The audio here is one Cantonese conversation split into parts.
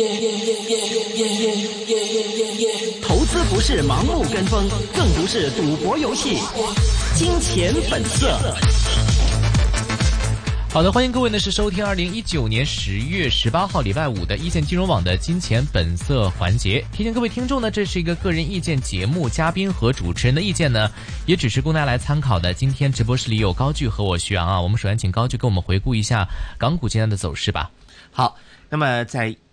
Yeah, yeah, yeah, yeah, yeah, yeah, yeah. 投資不是盲目跟風，更不是賭博遊戲。金錢本色。好的，歡迎各位呢，是收聽二零一九年十月十八號禮拜五的一線金融網的《金錢本色》環節。提醒各位聽眾呢，這是一個個人意見節目，嘉賓和主持人的意見呢，也只是供大家來參考的。今天直播室裏有高聚和我徐陽啊，我們首先請高聚給我們回顧一下港股今天的走勢吧。好，那麼在。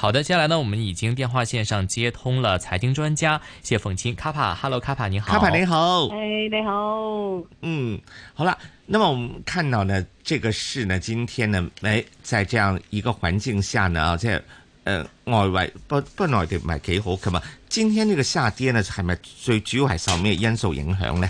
好的，接下來呢，我們已經電話線上接通了財經專家謝鳳卿卡帕，Hello 卡帕，你好。卡帕你好。誒、hey,，你好。嗯，好了，那麼我們看到呢，這個市呢，今天呢，誒、欸，在這樣一個環境下呢，啊，在、呃，外圍不不內地唔係幾好噶嘛，今天呢個下跌呢，係咪最主要係受咩因素影響呢？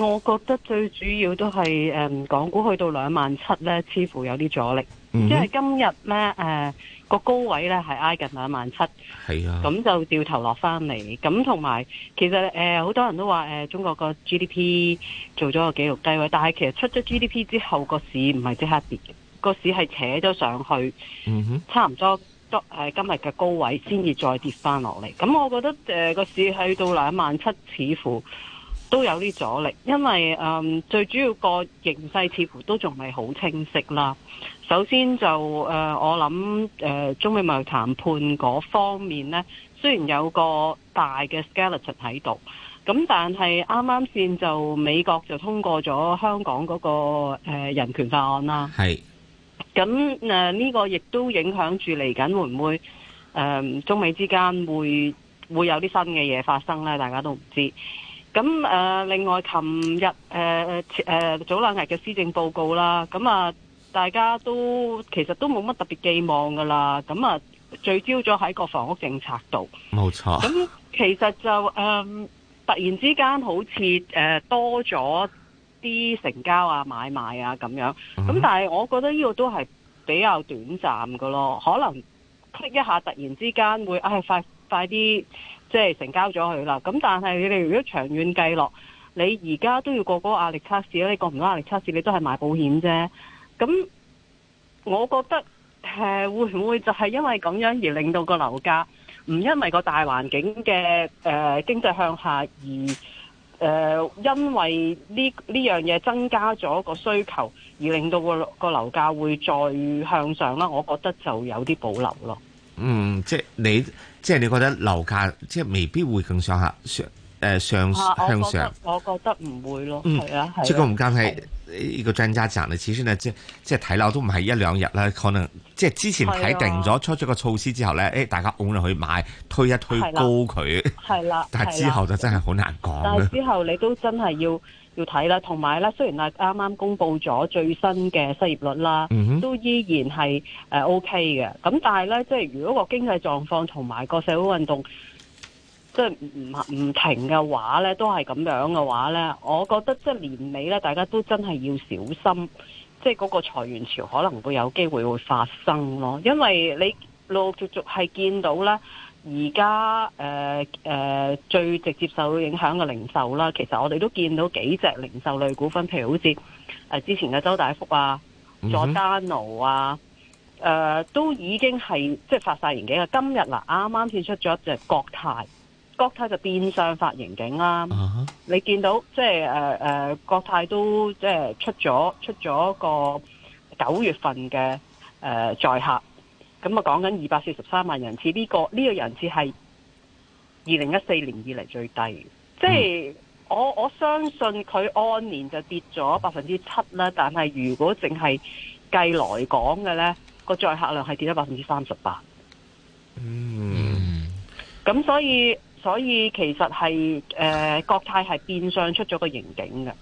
我覺得最主要都係誒、嗯，港股去到兩萬七咧，似乎有啲阻力。嗯、mm -hmm.，即係今日咧誒個高位咧係挨近兩萬七，係啊，咁就掉頭落翻嚟。咁同埋其實誒好、呃、多人都話誒、呃、中國個 GDP 做咗個紀錄低位，但係其實出咗 GDP 之後個市唔係即刻跌嘅，個市係扯咗上去，嗯、mm、哼 -hmm.，差唔多都誒今日嘅高位先至再跌翻落嚟。咁我覺得誒個、呃、市去到兩萬七似乎都有啲阻力，因為嗯最主要個形勢似乎都仲未好清晰啦。首先就誒、呃，我諗誒、呃、中美貿易談判嗰方面咧，雖然有個大嘅 skeleton 喺度，咁但係啱啱先就美國就通過咗香港嗰、那個、呃、人權法案啦。係咁誒呢個亦都影響住嚟緊會唔會誒、呃、中美之間會會有啲新嘅嘢發生咧？大家都唔知。咁誒、呃，另外，琴日誒早兩日嘅施政報告啦，咁啊，大家都其實都冇乜特別寄望噶啦，咁啊，聚焦咗喺個房屋政策度。冇錯。咁其實就誒、呃，突然之間好似誒、呃、多咗啲成交啊、買賣啊咁樣。咁、嗯、但係我覺得呢個都係比較短暫噶咯，可能 click 一下，突然之間會，唉、啊，快快啲。即係成交咗佢啦，咁但係你哋如果長遠計落，你而家都要過嗰個壓力測試，你過唔到壓力測試，你都係買保險啫。咁我覺得誒、呃、會唔會就係因為咁樣而令到個樓價唔因為個大環境嘅誒、呃、經濟向下而誒、呃、因為呢呢樣嘢增加咗個需求而令到個個樓價會再向上啦？我覺得就有啲保留咯。嗯，即係你。即係你覺得樓價即係未必會咁上下，呃、上誒上向上、啊。我覺得我覺得唔會咯。嗯，啊係、啊嗯。即係個唔緊係呢個鎮家站，你始終係即係即係睇樓都唔係一兩日啦。可能即係之前睇定咗、啊、出咗個措施之後咧，誒大家拱落去買，推一推高佢。係啦、啊。但係之後就真係好難講、啊啊。但係之後你都真係要。要睇啦，同埋咧，雖然啱啱公佈咗最新嘅失業率啦，都依然係 OK 嘅。咁但係咧，即係如果個經濟狀況同埋個社會運動即係唔唔停嘅話咧，都係咁樣嘅話咧，我覺得即係年尾咧，大家都真係要小心，即係嗰個裁員潮可能會有機會會發生咯，因為你陸陸續續係見到咧。而家誒誒最直接受影響嘅零售啦，其實我哋都見到幾隻零售類股份，譬如好似、呃、之前嘅周大福啊、mm -hmm. 佐丹奴啊，誒、呃、都已經係即係發曬營警啊。今日嗱啱啱先出咗一隻國泰，國泰就變相發盈警啦。Uh -huh. 你見到即係誒、呃、國泰都即出咗出咗個九月份嘅誒、呃、載客。咁啊，講緊二百四十三萬人次呢、呢個呢、呢個人次係二零一四年以嚟最低，即、嗯、係、就是、我我相信佢按年就跌咗百分之七啦。但係如果淨係計來港嘅呢個載客量係跌咗百分之三十八。嗯，咁所以所以其實係誒、呃、國泰係變相出咗個盈警嘅。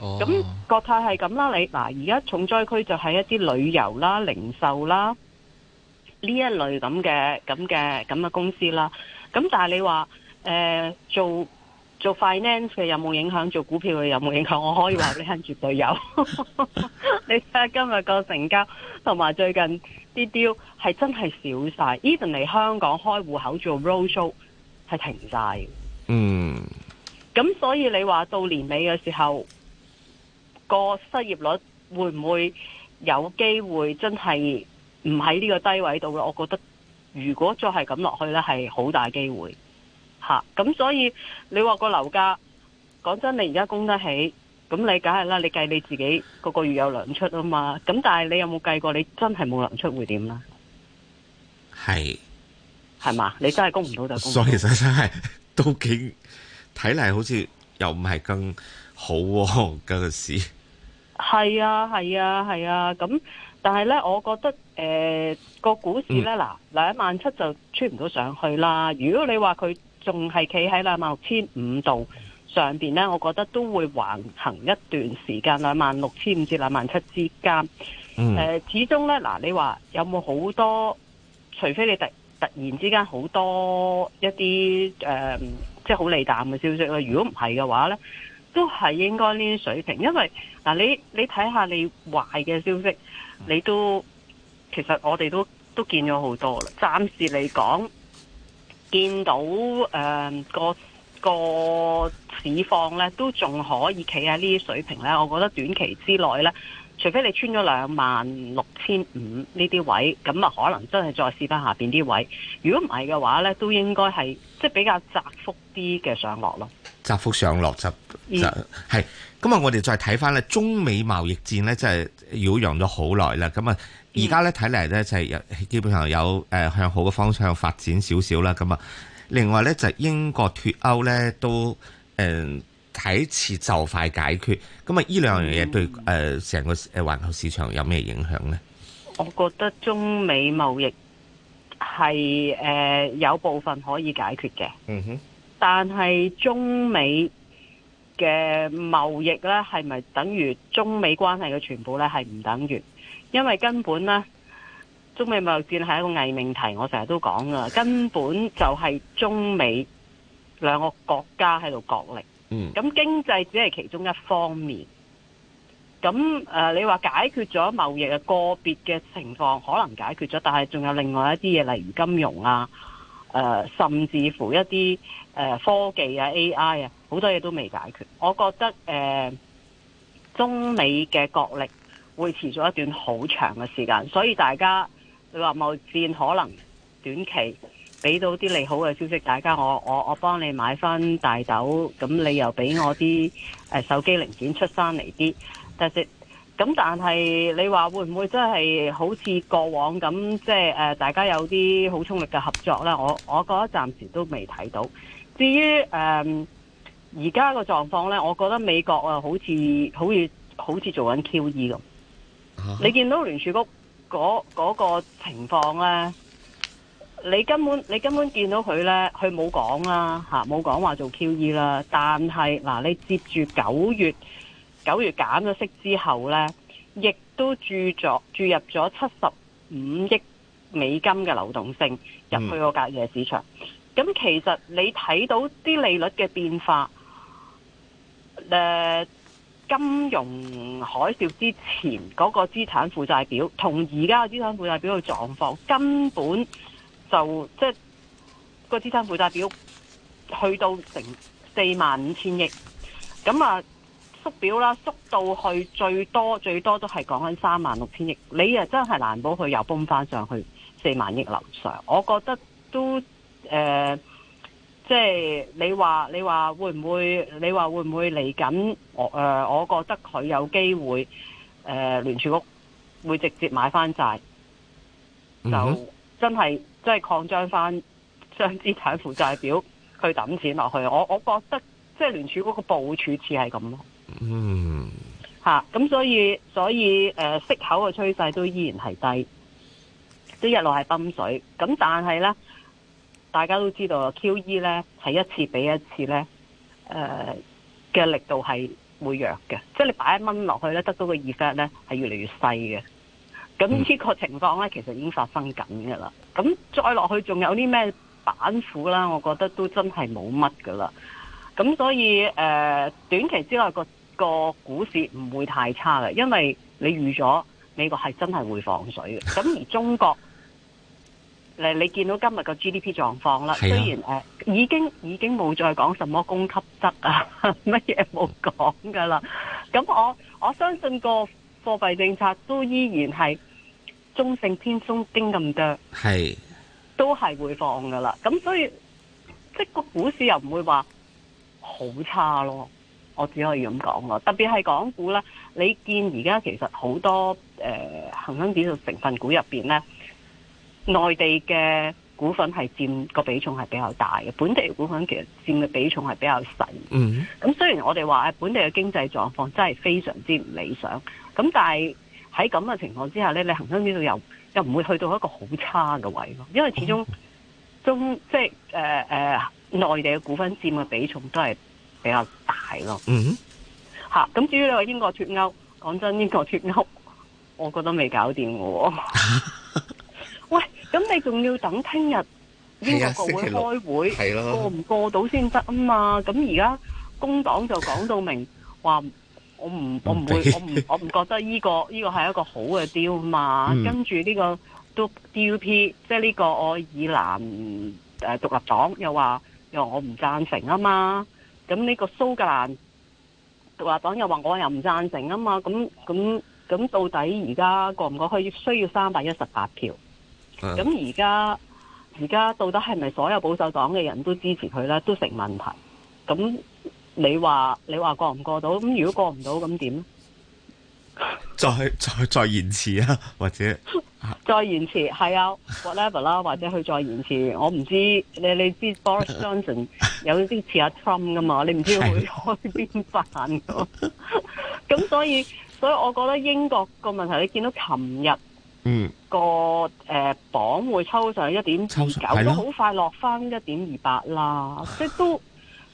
咁、哦、國泰係咁啦，你嗱而家重災區就係一啲旅遊啦、零售啦。呢一類咁嘅咁嘅咁嘅公司啦，咁但係你話、呃、做做 finance 嘅有冇影響？做股票嘅有冇影響？我可以話你聽絕對有。 你睇下今日個成交同埋最近啲 deal 係真係少曬，even 嚟香港開戶口做 roadshow 係停曬。嗯，咁所以你話到年尾嘅時候、個失業率會唔會有機會真係？唔喺呢個低位度咯，我覺得如果再係咁落去咧，係好大機會吓。咁所以你話個樓價，講真，你而家供得起，咁你梗係啦，你計你自己個個月有糧出啊嘛。咁但係你有冇計過，你真係冇糧出會點啦？係係嘛，你真係供唔到就供唔到。所以其實真係都幾睇嚟，好似又唔係更好喎，今個市。係啊，係啊，係啊。咁但係呢，我覺得誒、呃、個股市呢，嗱兩萬七就穿唔到上去啦。如果你話佢仲係企喺兩萬六千五度上邊呢、嗯，我覺得都會橫行一段時間，兩萬六千五至兩萬七之間。誒、嗯呃，始終呢，嗱，你話有冇好多？除非你突突然之間好多一啲誒、呃，即係好利淡嘅消息啦。如果唔係嘅話呢，都係應該呢啲水平，因為嗱你你睇下你壞嘅消息，你都其實我哋都都見咗好多啦。暫時嚟講，見到誒、呃、個個市況呢，都仲可以企喺呢啲水平呢，我覺得短期之內呢，除非你穿咗兩萬六千五呢啲位，咁啊可能真係再試翻下邊啲位。如果唔係嘅話呢，都應該係即係比較窄幅啲嘅上落咯。窄幅上落就就係咁啊！嗯、我哋再睇翻咧，中美貿易戰咧真係擾攘咗好耐啦。咁啊，而家咧睇嚟咧就係、是、有基本上有誒向好嘅方向發展少少啦。咁啊，另外咧就英國脱歐咧都誒睇似就快解決。咁啊，呢兩樣嘢對誒成個誒環球市場有咩影響咧？我覺得中美貿易係誒、呃、有部分可以解決嘅。嗯哼。但係中美嘅貿易呢，係咪等於中美關係嘅全部呢？係唔等於？因為根本呢，中美貿易戰係一個偽命題，我成日都講㗎，根本就係中美兩個國家喺度角力。嗯，咁經濟只係其中一方面。咁誒，你話解決咗貿易嘅個別嘅情況，可能解決咗，但係仲有另外一啲嘢，例如金融啊。呃、甚至乎一啲、呃、科技啊、AI 啊，好多嘢都未解決。我覺得誒、呃，中美嘅角力會持續一段好長嘅時間，所以大家你話貿戰可能短期俾到啲利好嘅消息，大家我我我幫你買翻大豆，咁你又俾我啲手機零件出翻嚟啲，咁但係你話會唔會真係好似過往咁，即係誒大家有啲好衝力嘅合作呢，我我覺得暫時都未睇到。至於誒而家個狀況呢，我覺得美國啊好似好似好似做緊 QE 咁。Uh-huh. 你見到聯儲局嗰個嗰個情況呢，你根本你根本見到佢呢，佢冇講啦吓，冇講話做 QE 啦。但係嗱、呃，你接住九月。九月減咗息，息之後呢，亦都注注入咗七十五億美金嘅流動性入去個隔夜市場。咁、嗯、其實你睇到啲利率嘅變化，呃，金融海嘯之前嗰個資產負債表同而家嘅資產負債表嘅狀況，根本就即係、就是、個資產負債表去到成四萬五千億，咁啊！縮表啦，縮到去最多最多都係講緊三萬六千億。你啊，真係難保佢又崩翻上去四萬億樓上。我覺得都誒，即、呃、係、就是、你話你話會唔會？你話會唔會嚟緊？我、呃、我覺得佢有機會誒、呃、聯儲局會直接買翻債、嗯，就真係即係擴張翻雙資產負債表去抌錢落去。我我覺得即係、就是、聯儲局個部署似係咁咯。嗯，吓 咁、啊、所以所以誒、呃、息口嘅趨勢都依然係低，都一路係泵水。咁但係咧，大家都知道啊，QE 咧係一次比一次咧誒嘅力度係會弱嘅，即、就、係、是、你擺一蚊落去咧，得到個 effect 咧係越嚟越細嘅。咁呢個情況咧， 其實已經發生緊噶啦。咁再落去仲有啲咩板斧啦？我覺得都真係冇乜噶啦。咁所以誒、呃、短期之內個。個股市唔會太差嘅，因為你預咗美國係真係會放水嘅。咁 而中國，誒，你見到今日個 GDP 狀況啦，雖然誒、呃、已經已經冇再講什麼供給側啊乜嘢冇講噶啦。咁我我相信個貨幣政策都依然係中性偏鬆丁麼，驚咁多，係都係會放噶啦。咁所以即、就係、個股市又唔會話好差咯。我只可以咁講喎，特別係港股咧，你見而家其實好多誒恒、呃、生指數成分股入邊咧，內地嘅股份係佔個比重係比較大嘅，本地嘅股份其實佔嘅比重係比較細。嗯，咁、嗯、雖然我哋話本地嘅經濟狀況真係非常之唔理想，咁但係喺咁嘅情況之下咧，你恒生指數又又唔會去到一個好差嘅位咯，因為始終、嗯、中即係誒誒內地嘅股份佔嘅比重都係比較大咯，吓、mm-hmm。咁啊，至於你話英國脫歐，講真，英國脫歐，我覺得未搞掂嘅。 喂，咁你仲要等聽日英國國會開會過唔過到先得啊嘛？咁而家工黨就講到明話， 我唔我唔會我唔我唔覺得呢、這個呢、這個係一個好嘅 deal 啊嘛。Mm-hmm. 跟住呢個都 DUP，即係呢個愛爾蘭獨立黨又話又我唔贊成啊嘛。咁呢個蘇格蘭獨立黨又話我又唔贊成啊嘛，咁咁咁到底而家過唔過去需要三百一十八票，咁而家而家到底係咪所有保守黨嘅人都支持佢呢？都成問題，咁你話你話過唔過到，咁如果過唔到咁點再再再延遲啊，或者再延遲，係啊，whatever 啦， 或者去再延遲，我唔知你你知 Boris Johnson 有啲似阿 Trump 噶嘛，你唔知會開邊飯咯。咁所以所以，所以我覺得英國個問題，你見到琴日嗯個誒、呃、磅會抽上一點九，咁好快落翻一點二八啦， 即係都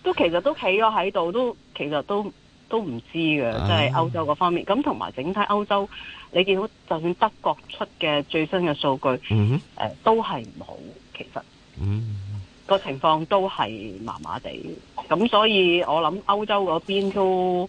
都其實都企咗喺度，都其實都。都都唔知嘅，即、就、係、是、歐洲嗰方面。咁同埋整體歐洲，你見到就算德國出嘅最新嘅數據，mm -hmm. 呃、都係唔好。其實、mm -hmm. 個情況都係麻麻地。咁所以我諗歐洲嗰邊都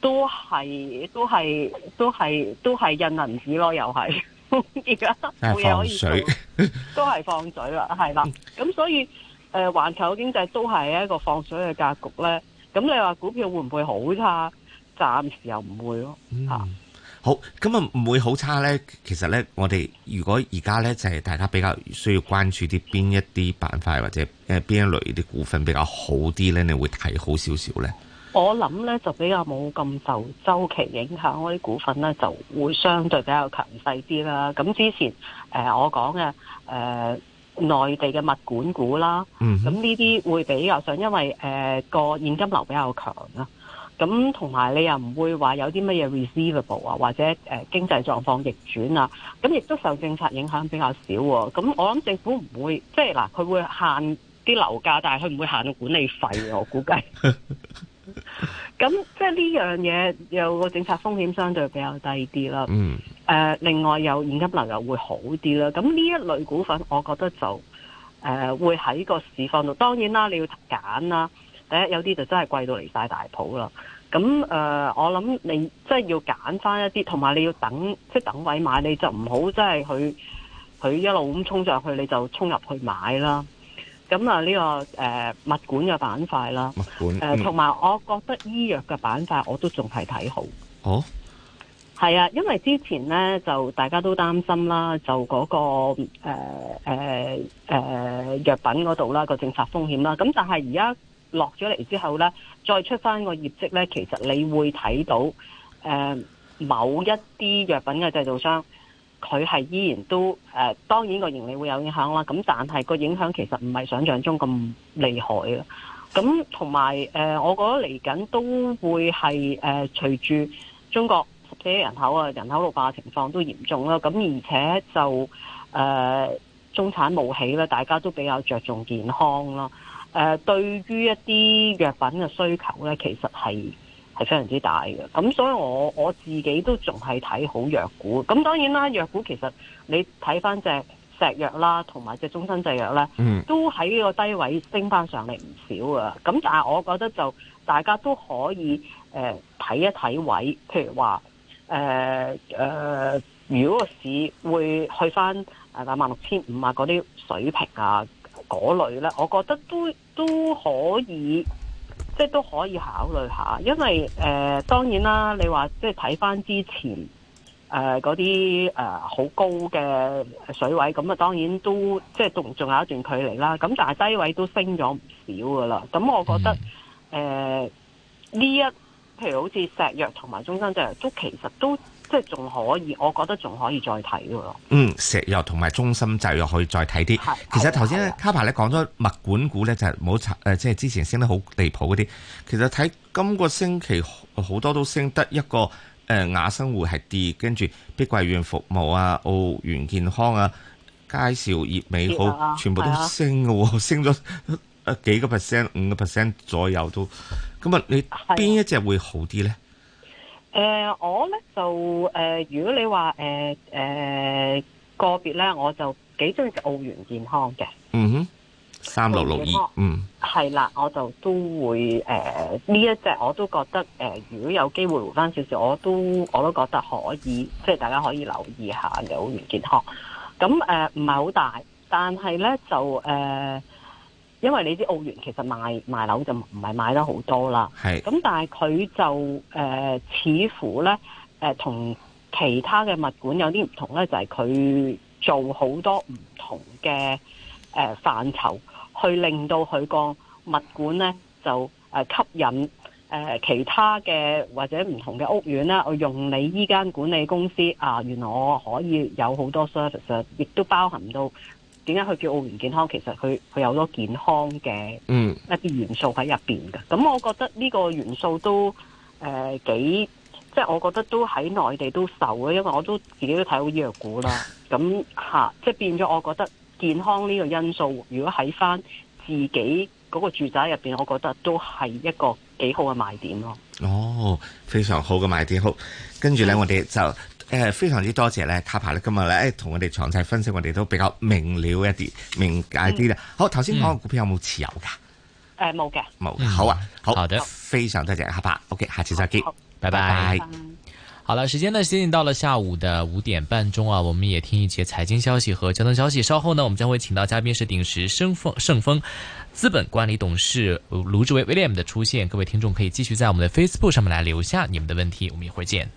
都係都係都係都係印銀紙咯，又係而家冇嘢可以做放水， 都係放水啦，係啦。咁所以誒，呃、環球經濟都係一個放水嘅格局呢。咁你話股票會唔會好差？暫時又唔會咯、啊嗯、好，咁啊唔會好差咧。其實咧，我哋如果而家咧，就係、是、大家比較需要關注啲邊一啲板塊或者誒邊一類啲股份比較好啲咧，你會睇好少少咧？我諗咧就比較冇咁受週期影響，嗰啲股份咧就會相對比較強勢啲啦。咁之前、呃、我講嘅誒。呃內地嘅物管股啦，咁呢啲會比較上，因為誒個、呃、現金流比較強啦。咁同埋你又唔會話有啲乜嘢 receivable 啊，或者誒、呃、經濟狀況逆轉啊，咁亦都受政策影響比較少喎。咁我諗政府唔會，即係嗱，佢會限啲樓價，但係佢唔會限到管理費，我估計。 咁即係呢樣嘢有個政策風險相對比較低啲啦。嗯。誒、呃，另外有現金流入會好啲啦。咁呢一類股份，我覺得就誒、呃、會喺個市況度。當然啦，你要揀啦。第一，有啲就真係貴到離晒大譜啦。咁誒、呃，我諗你即係要揀翻一啲，同埋你要等，即係等位買，你就唔好真係佢佢一路咁衝上去，你就衝入去買啦。咁啊、這個，呢個誒物管嘅板塊啦，物管嘅板塊，同埋、嗯、我覺得醫藥嘅板塊我都仲係睇好。哦，係啊，因為之前咧就大家都擔心啦，就嗰、那個誒誒、呃呃呃、藥品嗰度啦，個政策風險啦。咁但係而家落咗嚟之後咧，再出翻個業績咧，其實你會睇到誒、呃、某一啲藥品嘅製造商。佢係依然都誒、呃，當然個盈利會有影響啦。咁但係個影響其實唔係想像中咁厲害嘅。咁同埋我覺得嚟緊都會係、呃、隨住中國十四億人口啊，人口老化情況都嚴重啦。咁而且就誒、呃、中產冒起啦，大家都比較著重健康咯、呃。對於一啲藥品嘅需求咧，其實係。係非常之大嘅，咁所以我我自己都仲係睇好藥股。咁當然啦，藥股其實你睇翻隻石藥啦，同埋隻中生製藥咧、嗯，都喺呢個低位升翻上嚟唔少嘅。咁但係我覺得就大家都可以誒睇、呃、一睇位，譬如話誒誒，如果個市會去翻誒兩萬六千五啊嗰啲水平啊嗰類咧，我覺得都都可以。即都可以考慮下，因為誒、呃、當然啦，你話即係睇返之前誒嗰啲誒好高嘅水位，咁啊當然都即係仲仲有一段距離啦。咁但係低位都升咗唔少噶啦。咁我覺得誒呢、嗯呃、一譬如好似石藥同埋中生製藥都其實都。即係仲可以，我覺得仲可以再睇喎。嗯，石油同埋中心製藥可以再睇啲。是其實頭先咧，卡牌咧講咗物管股咧就係冇炒，即、就、係、是、之前升得好離譜嗰啲。其實睇今個星期好多都升得一個，誒、呃、雅生活係跌，跟住碧桂園服務啊、奧、哦、園健康啊、佳兆業美好全部都升嘅、哦，升咗誒幾個 percent、五個 percent 左右都。咁啊，你邊一隻會好啲咧？的誒、呃，我咧就誒、呃，如果你話誒誒個別咧，我就幾鍾意奧園健康嘅。嗯哼，三六六二，嗯，係啦，我就都會誒呢、呃、一隻我都覺得誒、呃，如果有機會回返少少，我都我都覺得可以，即係大家可以留意下嘅奧園健康。咁誒唔係好大，但係咧就誒。呃因為你啲澳元其實賣賣樓就唔係買得好多啦，咁但係佢就誒、呃、似乎咧、呃、同其他嘅物管有啲唔同咧，就係、是、佢做好多唔同嘅誒範疇，去令到佢個物管咧就、呃、吸引誒、呃、其他嘅或者唔同嘅屋苑啦，我用你依間管理公司啊，原來我可以有好多 service，亦都包含到。點解佢叫奧園健康？其實佢佢有好多健康嘅一啲元素喺入邊嘅。咁我覺得呢個元素都誒、呃、幾，即係我覺得都喺內地都受嘅，因為我都自己都睇好醫藥股啦。咁嚇、啊，即係變咗，我覺得健康呢個因素，如果喺返自己嗰個住宅入邊，我覺得都係一個。幾好嘅賣點咯、哦，哦，非常好嘅賣點，好，跟住咧、嗯、我哋就誒、呃、非常之多謝咧卡柏咧今日咧，誒、哎、同我哋詳細分析，我哋都比較明了一啲，明解啲啦、嗯。好，頭先講嘅股票有冇持有噶？誒、呃，冇嘅，冇嘅、嗯。好啊，好，好的，非常多謝卡柏，OK，下次再見，拜拜。好了，時間呢先近到了下午的五點半鐘啊，我們也聽一節財經消息和交通消息。稍後呢，我們將會請到嘉賓是鼎石升風盛峰。資本管理董事盧志偉 William 的出現，各位聽眾可以繼續在我們的 Facebook 上面來留下你們的問題，我們一會兒見。